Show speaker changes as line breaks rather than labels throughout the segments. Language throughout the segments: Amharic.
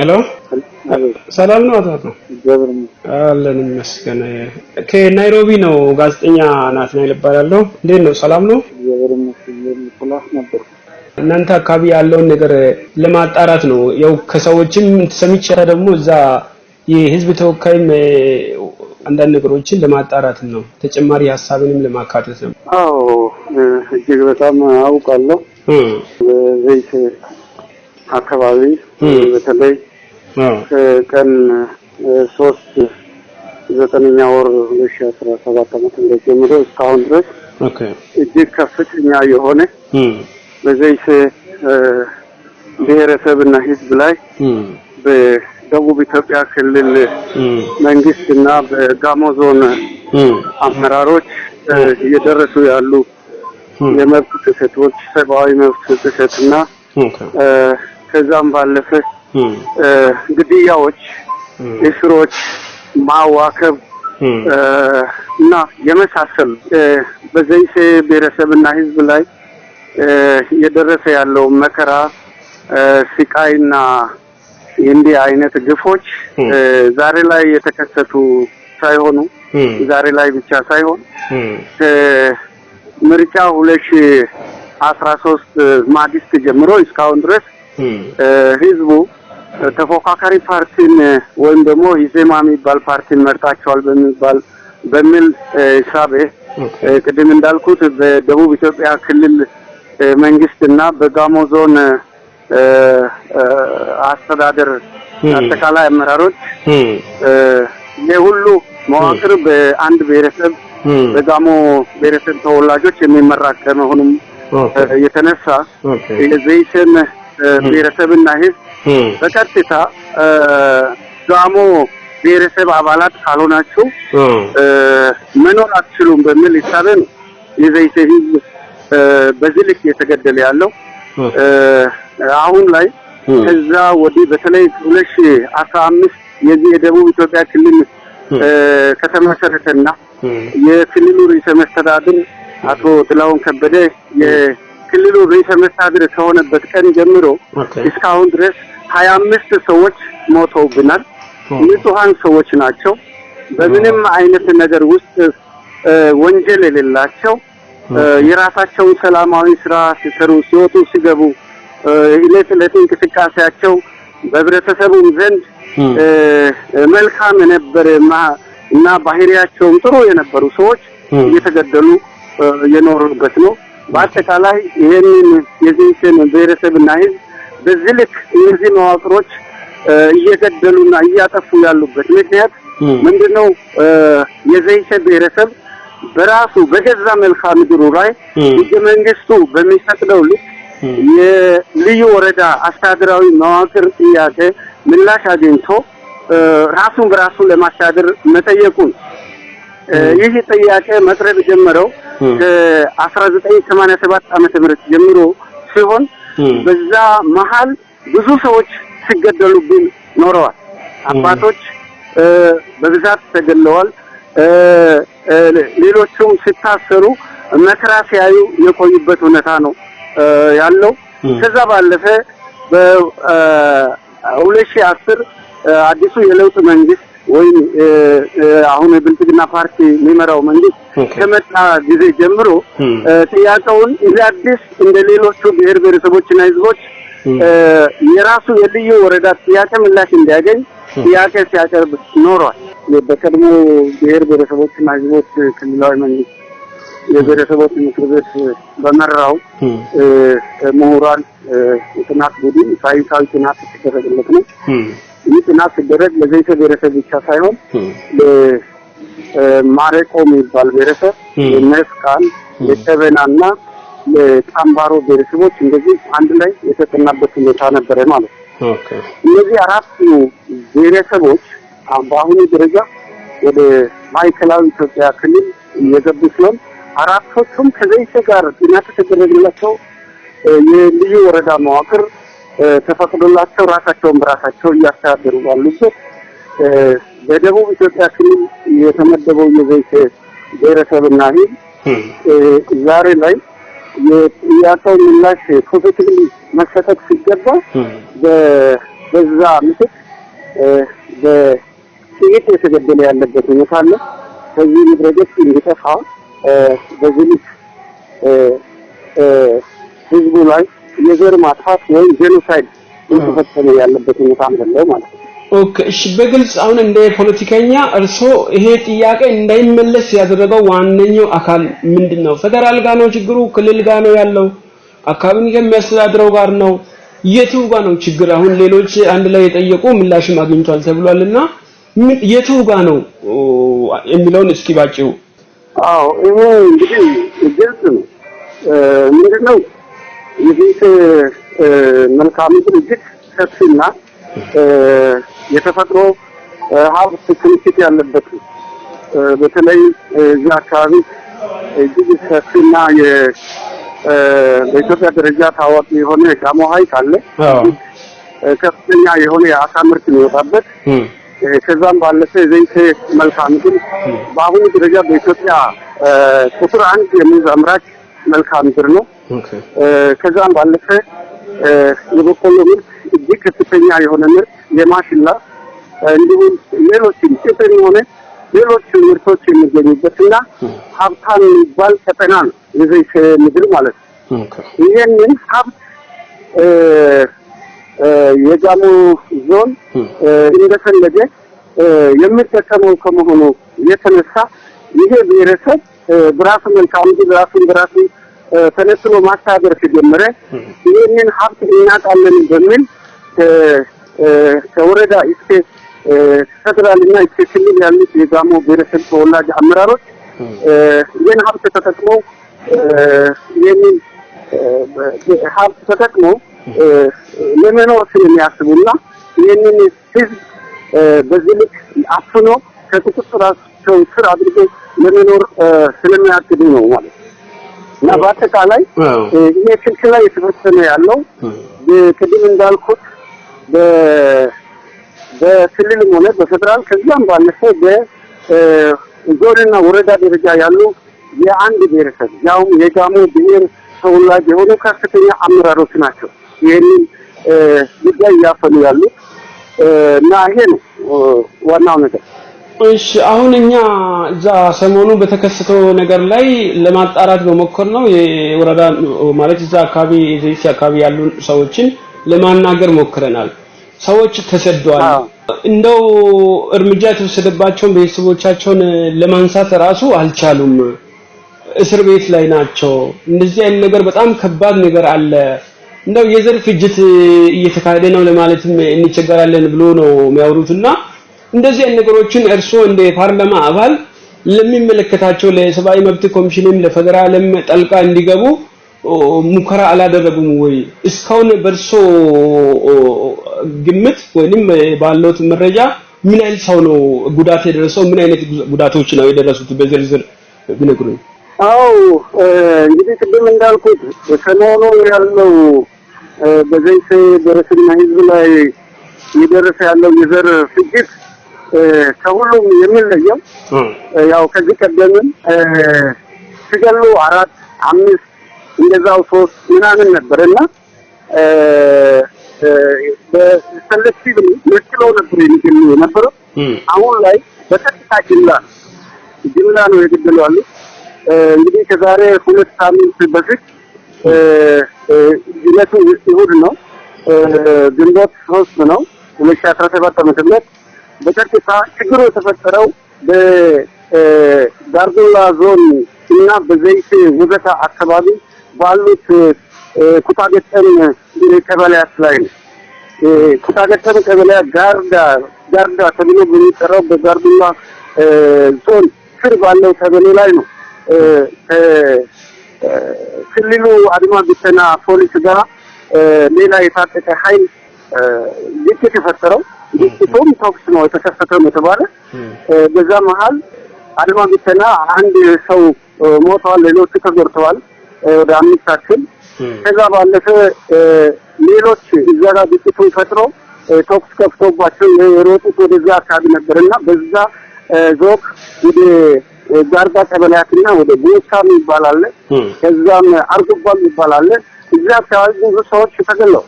ሄሎ ሰላም ነው አቶ አለን ይመስገን። ከናይሮቢ ነው ጋዜጠኛ ናትናኤል እባላለሁ። እንዴት ነው ሰላም ነው? እናንተ አካባቢ ያለውን ነገር ለማጣራት ነው ያው ከሰዎችም ሰምቼ ደግሞ እዛ የህዝብ ተወካይም አንዳንድ ነገሮችን ለማጣራት ነው ተጨማሪ ሀሳብንም ለማካተት ነው።
አዎ እጅግ በጣም አውቃለሁ ዘይት አካባቢ በተለይ ከቀን ሶስት ዘጠነኛ ወር ሁለት ሺ አስራ ሰባት ዓመት ምህረት ጀምሮ እስካሁን ድረስ እጅግ ከፍተኛ የሆነ በዘይት ብሔረሰብና ሕዝብ ላይ በደቡብ ኢትዮጵያ ክልል መንግስት እና በጋሞ ዞን አመራሮች እየደረሱ ያሉ የመብት ጥሰቶች፣ ሰብአዊ መብት ጥሰት እና ከዛም ባለፈ ግድያዎች፣ እስሮች፣ ማዋከብ እና የመሳሰሉ በዘይሴ ብሔረሰብና ህዝብ ላይ የደረሰ ያለው መከራ ስቃይና እንዲህ አይነት ግፎች ዛሬ ላይ የተከሰቱ ሳይሆኑ ዛሬ ላይ ብቻ ሳይሆን ምርጫ ሁለት ሺህ አስራ ሶስት ማግስት ጀምሮ እስካሁን ድረስ ህዝቡ ተፎካካሪ ፓርቲን ወይም ደግሞ ኢዜማ የሚባል ፓርቲን መርጣቸዋል በሚባል በሚል ሂሳቤ ቅድም እንዳልኩት በደቡብ ኢትዮጵያ ክልል መንግስት እና በጋሞ ዞን አስተዳደር አጠቃላይ አመራሮች የሁሉ ሁሉ መዋቅር በአንድ ብሔረሰብ በጋሞ ብሔረሰብ ተወላጆች የሚመራ ከመሆኑም የተነሳ የዘይሰን ብሔረሰብና ህዝብ በቀጥታ ዳሞ ብሔረሰብ አባላት ካልሆናችሁ መኖር አትችሉም በሚል ሂሳብ ነው የዘይቴ ህዝብ በዚህ ልክ እየተገደለ ያለው። አሁን ላይ ከዛ ወዲህ በተለይ ሁለት ሺህ አስራ አምስት የዚህ የደቡብ ኢትዮጵያ ክልል ከተመሰረተና የክልሉ ርዕሰ መስተዳድር አቶ ጥላሁን ከበደ ክልሉ ርዕሰ መስተዳድር ከሆነበት ቀን ጀምሮ እስካሁን ድረስ ሀያ አምስት ሰዎች ሞተውብናል። ንጹሐን ሰዎች ናቸው። በምንም አይነት ነገር ውስጥ ወንጀል የሌላቸው የራሳቸውን ሰላማዊ ስራ ሲሰሩ ሲወጡ ሲገቡ እለት እለት እንቅስቃሴያቸው በህብረተሰቡም ዘንድ መልካም የነበረ እና ባህሪያቸውም ጥሩ የነበሩ ሰዎች እየተገደሉ የኖሩበት ነው። በአጠቃላይ ይህንን የዚህን ብሔረሰብና ህዝብ በዚህ ልክ እነዚህ መዋቅሮች እየገደሉና እያጠፉ ያሉበት ምክንያት ምንድነው? የዘይሸ ብሔረሰብ በራሱ በገዛ መልካ ምድሩ ላይ ህገ መንግስቱ በሚፈቅደው ልክ የልዩ ወረዳ አስተዳደራዊ መዋቅር ጥያቄ ምላሽ አግኝቶ ራሱን በራሱ ለማስተዳደር መጠየቁን ይህ ጥያቄ መቅረብ ጀመረው ከ1987 ዓመተ ምህረት ጀምሮ ሲሆን በዛ መሀል ብዙ ሰዎች ሲገደሉብን ኖረዋል። አባቶች በብዛት ተገለዋል። ሌሎቹም ሲታሰሩ መከራ ሲያዩ የቆዩበት ሁኔታ ነው ያለው። ከዛ ባለፈ በ ሁለት ሺህ አስር አዲሱ የለውጥ መንግስት ወይም አሁን የብልጽግና ፓርቲ የሚመራው መንግስት ከመጣ ጊዜ ጀምሮ ጥያቄውን እንደ አዲስ እንደ ሌሎቹ ብሔር ብሔረሰቦችና ህዝቦች የራሱ የልዩ ወረዳ ጥያቄ ምላሽ እንዲያገኝ ጥያቄ ሲያቀርብ ኖሯል። በቀድሞ ብሔር ብሔረሰቦችና ህዝቦች ክልላዊ መንግስት የብሔረሰቦች ምክር ቤት በመራው ምሁራን ጥናት ቡድን ሳይንሳዊ ጥናት የተደረገለት ነው። ይህ ጥናት ሲደረግ ለዘይተ ብሔረሰብ ብቻ ሳይሆን ለማረቆ የሚባል ብሔረሰብ፣ ለመስቃን፣ ለጨበናና ለጣምባሮ ብሔረሰቦች እንደዚህ አንድ ላይ የተጠናበት ሁኔታ ነበረ ማለት ነው። እነዚህ አራቱ ብሔረሰቦች በአሁኑ ደረጃ ወደ ማዕከላዊ ኢትዮጵያ ክልል የገቡ ሲሆን አራቶቹም ከዘይተ ጋር ጥናት የተደረገላቸው የልዩ ወረዳ መዋቅር ተፈቅዶላቸው ራሳቸውን በራሳቸው እያስተዳደሩ ባሉበት በደቡብ ኢትዮጵያ ክልል የተመደበው የዘይት ብሔረሰብና ሕዝብ ዛሬ ላይ የጥያቄው ምላሽ ፖዘቲቭሊ መሰጠት ሲገባ በዛ ምትክ በጥይት የተገደለ ያለበት ሁኔታ አለ። ከዚህ ምድረገጽ እንዲጠፋ በዚህ ህዝቡ ላይ የዘር ማጥፋት ወይም ጄኖሳይድ እየተፈጸመ ያለበት ሁኔታ ማለት ነው።
ኦኬ፣ እሺ በግልጽ አሁን እንደ ፖለቲከኛ እርሶ ይሄ ጥያቄ እንዳይመለስ ያደረገው ዋነኛው አካል ምንድን ነው? ፌደራል ጋር ነው ችግሩ? ክልል ጋር ነው ያለው? አካባቢን ከሚያስተዳድረው ጋር ነው? የቱ ጋር ነው ችግር? አሁን ሌሎች አንድ ላይ የጠየቁ ምላሽም አግኝቷል ተብሏልና የቱ ጋር ነው የሚለውን እስኪ ባጭው።
አዎ ይሄ እንግዲህ ግልጽ ነው የፊት መልካም ምድር እጅግ ሰፊና የተፈጥሮ ሀብት ክምችት ያለበት ነው። በተለይ እዚህ አካባቢ እጅግ ሰፊና በኢትዮጵያ ደረጃ ታዋቂ የሆነ የጋሞ ሐይቅ አለ። ከፍተኛ የሆነ የአሳ ምርት የሚወጣበት ከዛም ባለፈ ዘይት መልካም ምድር በአሁኑ ደረጃ በኢትዮጵያ ቁጥር አንድ የሙዝ አምራች መልክዓ ምድር ነው። ከዛም ባለፈ የበቆሎ ምርት እጅግ ከፍተኛ የሆነ ምርት የማሽላ እንዲሁም ሌሎችም ጥጥን የሆነ ሌሎች ምርቶች የሚገኙበት እና ሀብታም የሚባል ቀጠና ነው የዘይት ምድር ማለት ነው። ይሄንን ሀብት የጋሞ ዞን እንደፈለገ የሚጠቀመው ከመሆኑ የተነሳ ይሄ ብሔረሰብ በራሱ መልካም ብራሱን በራሱ ተነስሎ ማስተዳደር ተጀመረ። ይህንን ሀብት እናጣለን በሚል ከወረዳ እስከ ፌደራል እና እስከ ክልል ያሉት የጋሞ ብሔረሰብ ተወላጅ አመራሮች ይህን ሀብት ተጠቅመው ይህንን ሀብት ተጠቅመው ለመኖር ስለሚያስቡና ይህንን ህዝብ በዚህ ልክ አፍኖ ከቁጥጥራቸው ስር አድርገው ለመኖር ስለሚያስቡ ነው ማለት ነው። እና በአጠቃላይ እኔ ስልክ ላይ የተፈተነ ያለው ቅድም እንዳልኩት በክልልም ሆነ በፌዴራል ከዚያም ባለፈ በዞንና ወረዳ ደረጃ ያሉ የአንድ ብሔረሰብ ያውም የጋሞ ብሔር ተወላጅ የሆኑ ከፍተኛ አመራሮች ናቸው ይህንን ጉዳይ እያፈኑ ያሉት እና ይሄ ነው ዋናው ነገር።
እሺ አሁን እኛ እዛ ሰሞኑ በተከሰተው ነገር ላይ ለማጣራት በሞከር ነው የወረዳ ማለት እዛ አካባቢ እዚህ አካባቢ ያሉ ሰዎችን ለማናገር ሞክረናል። ሰዎች ተሰደዋል። እንደው እርምጃ የተወሰደባቸውን ቤተሰቦቻቸውን ለማንሳት ራሱ አልቻሉም። እስር ቤት ላይ ናቸው። እንደዚህ አይነት ነገር በጣም ከባድ ነገር አለ። እንደው የዘር ፍጅት እየተካሄደ ነው ለማለትም እንቸገራለን ብሎ ነው የሚያወሩትና እንደዚህ አይነት ነገሮችን እርሶ እንደ ፓርላማ አባል ለሚመለከታቸው ለሰብአዊ መብት ኮሚሽንም ለፌደራልም ጠልቃ እንዲገቡ ሙከራ አላደረጉም ወይ? እስካሁን በእርሶ ግምት ወይንም ባለዎት መረጃ ምን አይነት ሰው ነው ጉዳት የደረሰው? ምን አይነት ጉዳቶች ነው የደረሱት? በዝርዝር ቢነግሩኝ።
አው እንግዲህ ቅድም እንዳልኩት ሰሞኑ ያለው በዘይሴ ብሔረሰብና ሕዝብ ላይ እየደረሰ ያለው የዘር ፍጅት ከሁሉም የሚለየው ያው ከዚህ ቀደምም ሲገሉ አራት አምስት እንደዛው ሶስት ምናምን ነበር እና በሰለክቲቭ ምርጭሎ ነበር የሚገሉ የነበረው። አሁን ላይ በቀጥታ ጅምላ ጅምላ ነው የገደሉ አሉ። እንግዲህ ከዛሬ ሁለት ሳምንት በፊት ዕለቱ እሑድ ነው፣ ግንቦት ሶስት ነው ሁለት ሺህ አስራ ሰባት ዓመተ ምህረት በቀጥታ ችግሩ የተፈጠረው በጋርዱላ ዞን እና በዘይት ውበታ አካባቢ ባሉት ኩታገጠም ቀበሌያት ላይ ነው። ኩታገጠም ቀበሌያ ጋርዳ ጋርዳ ተብሎ በሚጠራው በጋርዱላ ዞን ስር ባለው ቀበሌ ላይ ነው ክልሉ አድማ ብተና ፖሊስ ጋር ሌላ የታጠቀ ኃይል ግጭት የፈጠረው። ቶም ተኩስ ነው የተከፈተው የተባለ በዛ መሀል አድማ ብተና አንድ ሰው ሞተዋል፣ ሌሎቹ ተጎድተዋል ወደ አምስት አክል። ከዛ ባለፈ ሌሎች እዛ ጋር ግጭቱን ፈጥሮ ተኩስ ከፍቶባቸው የሮጡት ወደዛ አካባቢ ነበር እና በዛ ዞክ ወደ ጋርዳ ቀበሌያትና ወደ ጎቻም ይባላል ከዛም አርጉባም ይባላል እዛ አካባቢ ብዙ ሰዎች ተገለው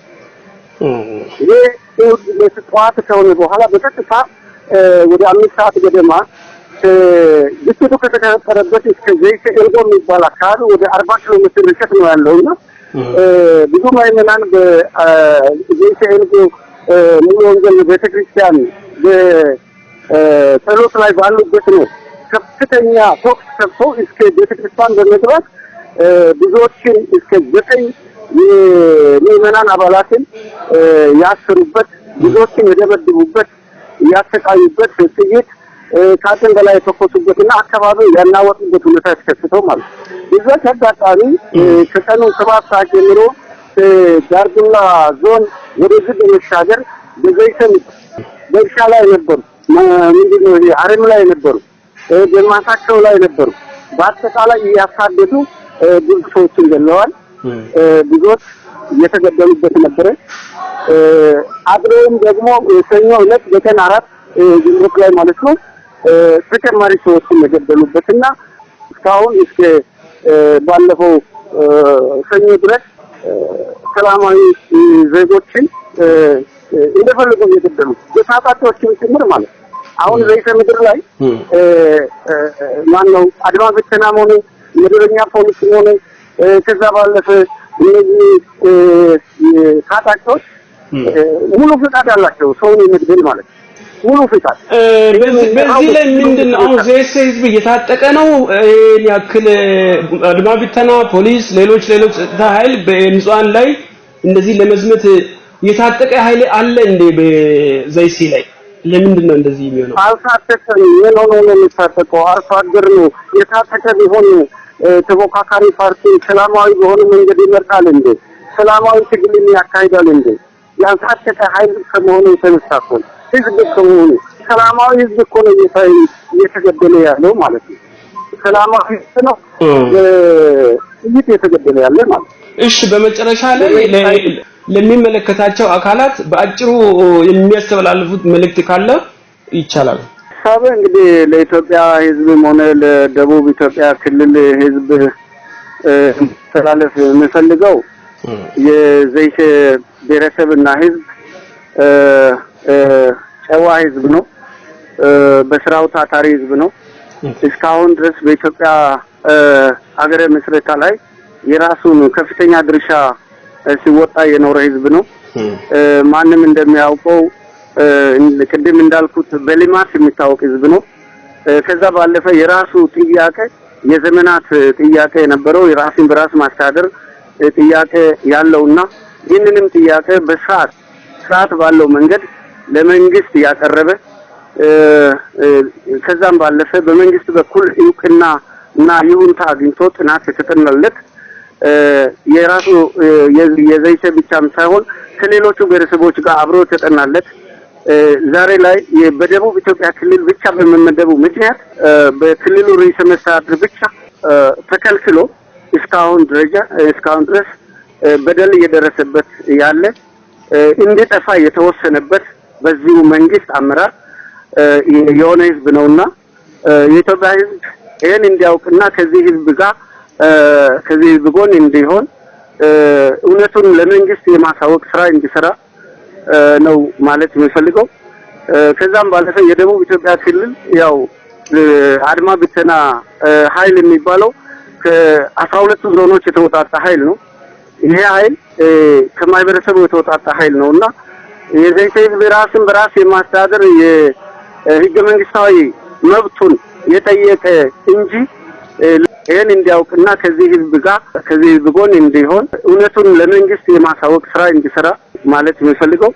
ይህ እሑድ ጠዋት ከሆነ በኋላ በቀጥታ ወደ አምስት ሰዓት ገደማ ግጭቱ ከተፈጠረበት እስከ ዘይት ኤልጎ የሚባል አካባቢ ወደ አርባ ኪሎ ሜትር ርቀት ነው ያለው እና ብዙ ምዕመናን በዘይት ኤልጎ ሙሉ ወንጌል ቤተክርስቲያን በጸሎት ላይ ባሉበት ነው ከፍተኛ ፎክስ ከፍቶ እስከ ቤተክርስቲያን በመግባት ብዙዎችን እስከ ዘጠኝ የምዕመናን አባላትን ያስሩበት፣ ብዙዎችን የደበድቡበት፣ ያሰቃዩበት ጥይት ከአቅም በላይ የተኮሱበት እና አካባቢው ያናወጡበት ሁኔታ የተከሰተው ማለት ነው። በዚህ አጋጣሚ ከቀኑ ሰባት ሰዓት ጀምሮ ዳርዱላ ዞን ወደዚህ በመሻገር በዘይሰን በእርሻ ላይ ነበሩ፣ ምንድነው ይሄ አረም ላይ ነበሩ፣ በማሳቸው ላይ ነበሩ። በአጠቃላይ እያሳደዱ ብዙ ሰዎችን ገለዋል። ልጆች እየተገደሉበት ነበረ። አብረውም ደግሞ ሰኞ ዕለት በቀን አራት ዝምሩክ ላይ ማለት ነው ተጨማሪ ሰዎችን የገደሉበት እና እስካሁን እስከ ባለፈው ሰኞ ድረስ ሰላማዊ ዜጎችን እንደፈለጉ እየገደሉ የታጣቂዎችም ጭምር ማለት አሁን ዘይተ ምድር ላይ ማን ነው አድማ ብተናም ሆነ መደበኛ ፖሊስም ሆነ ከዛ ባለፈ እነዚህ ታጣቂዎች ሙሉ ፍቃድ አላቸው፣ ሰውን የመግደል ማለት ነው። ሙሉ ፍቃድ
በዚህ ላይ ምንድን ነው አሁን ህዝብ እየታጠቀ ነው። ይህን ያክል አድማ ብተና፣ ፖሊስ፣ ሌሎች ሌሎች ጸጥታ ኃይል በንጹሃን ላይ እንደዚህ ለመዝመት የታጠቀ ኃይል አለ እንዴ? በዘይሲ ላይ ለምንድን ነው እንደዚህ የሚሆነው?
አልታጠቀም። ምን ሆኖ ነው የሚታጠቀው? አርሶ አደር ነው የታጠቀ ቢሆን ተፎካካሪ ፓርቲ ሰላማዊ በሆነ መንገድ ይመርጣል እንዴ? ሰላማዊ ትግልን ያካሂዳል እንዴ? ያልታጠቀ ኃይል ከመሆኑ የተነሳ እኮ ህዝብ ከመሆኑ ሰላማዊ ህዝብ እኮ ነው እየተገደለ ያለው ማለት ነው። ሰላማዊ ህዝብ ነው ጥይት እየተገደለ ያለ ማለት
ነው። እሺ በመጨረሻ ላይ ለሚመለከታቸው አካላት በአጭሩ የሚያስተላልፉት መልእክት ካለ ይቻላል።
ሀሳብ እንግዲህ ለኢትዮጵያ ህዝብም ሆነ ለደቡብ ኢትዮጵያ ክልል ህዝብ ተላለፍ የምፈልገው ብሔረሰብ እና ህዝብ ጨዋ ህዝብ ነው። በስራው ታታሪ ህዝብ ነው። እስካሁን ድረስ በኢትዮጵያ ሀገረ ምስረታ ላይ የራሱን ከፍተኛ ድርሻ ሲወጣ የኖረ ህዝብ ነው። ማንም እንደሚያውቀው ቅድም እንዳልኩት በልማት የሚታወቅ ህዝብ ነው። ከዛ ባለፈ የራሱ ጥያቄ የዘመናት ጥያቄ የነበረው የራስን በራስ ማስተዳደር ጥያቄ ያለውና ይህንንም ጥያቄ በሰዓት ሰዓት ባለው መንገድ ለመንግስት ያቀረበ ከዛም ባለፈ በመንግስት በኩል እውቅና እና ይሁንታ አግኝቶ ጥናት የተጠናለት የራሱ የዘይሴ ብቻም ሳይሆን ከሌሎቹ ብሔረሰቦች ጋር አብሮ የተጠናለት ዛሬ ላይ በደቡብ ኢትዮጵያ ክልል ብቻ በመመደቡ ምክንያት በክልሉ ርዕሰ መስተዳድር ብቻ ተከልክሎ እስካሁን ደረጃ እስካሁን ድረስ በደል እየደረሰበት ያለ እንዲጠፋ የተወሰነበት በዚሁ መንግስት አመራር የሆነ ህዝብ ነውና የኢትዮጵያ ህዝብ ይህን እንዲያውቅና ከዚህ ህዝብ ጋር ከዚህ ህዝብ ጎን እንዲሆን እውነቱን ለመንግስት የማሳወቅ ስራ እንዲሰራ ነው ማለት የሚፈልገው። ከዛም ባለፈ የደቡብ ኢትዮጵያ ክልል ያው አድማ ብተና ኃይል የሚባለው ከአስራ ሁለቱ ዞኖች የተወጣጣ ኃይል ነው። ይሄ ኃይል ከማህበረሰቡ የተወጣጣ ኃይል ነው እና የዘይሴ ህዝብ ራስን በራስ የማስተዳደር የህገ መንግስታዊ መብቱን የጠየቀ እንጂ ይህን እንዲያውቅና ከዚህ ህዝብ ጋር ከዚህ ህዝብ ጎን እንዲሆን እውነቱን ለመንግስት የማሳወቅ ስራ እንዲሰራ ማለት የሚፈልገው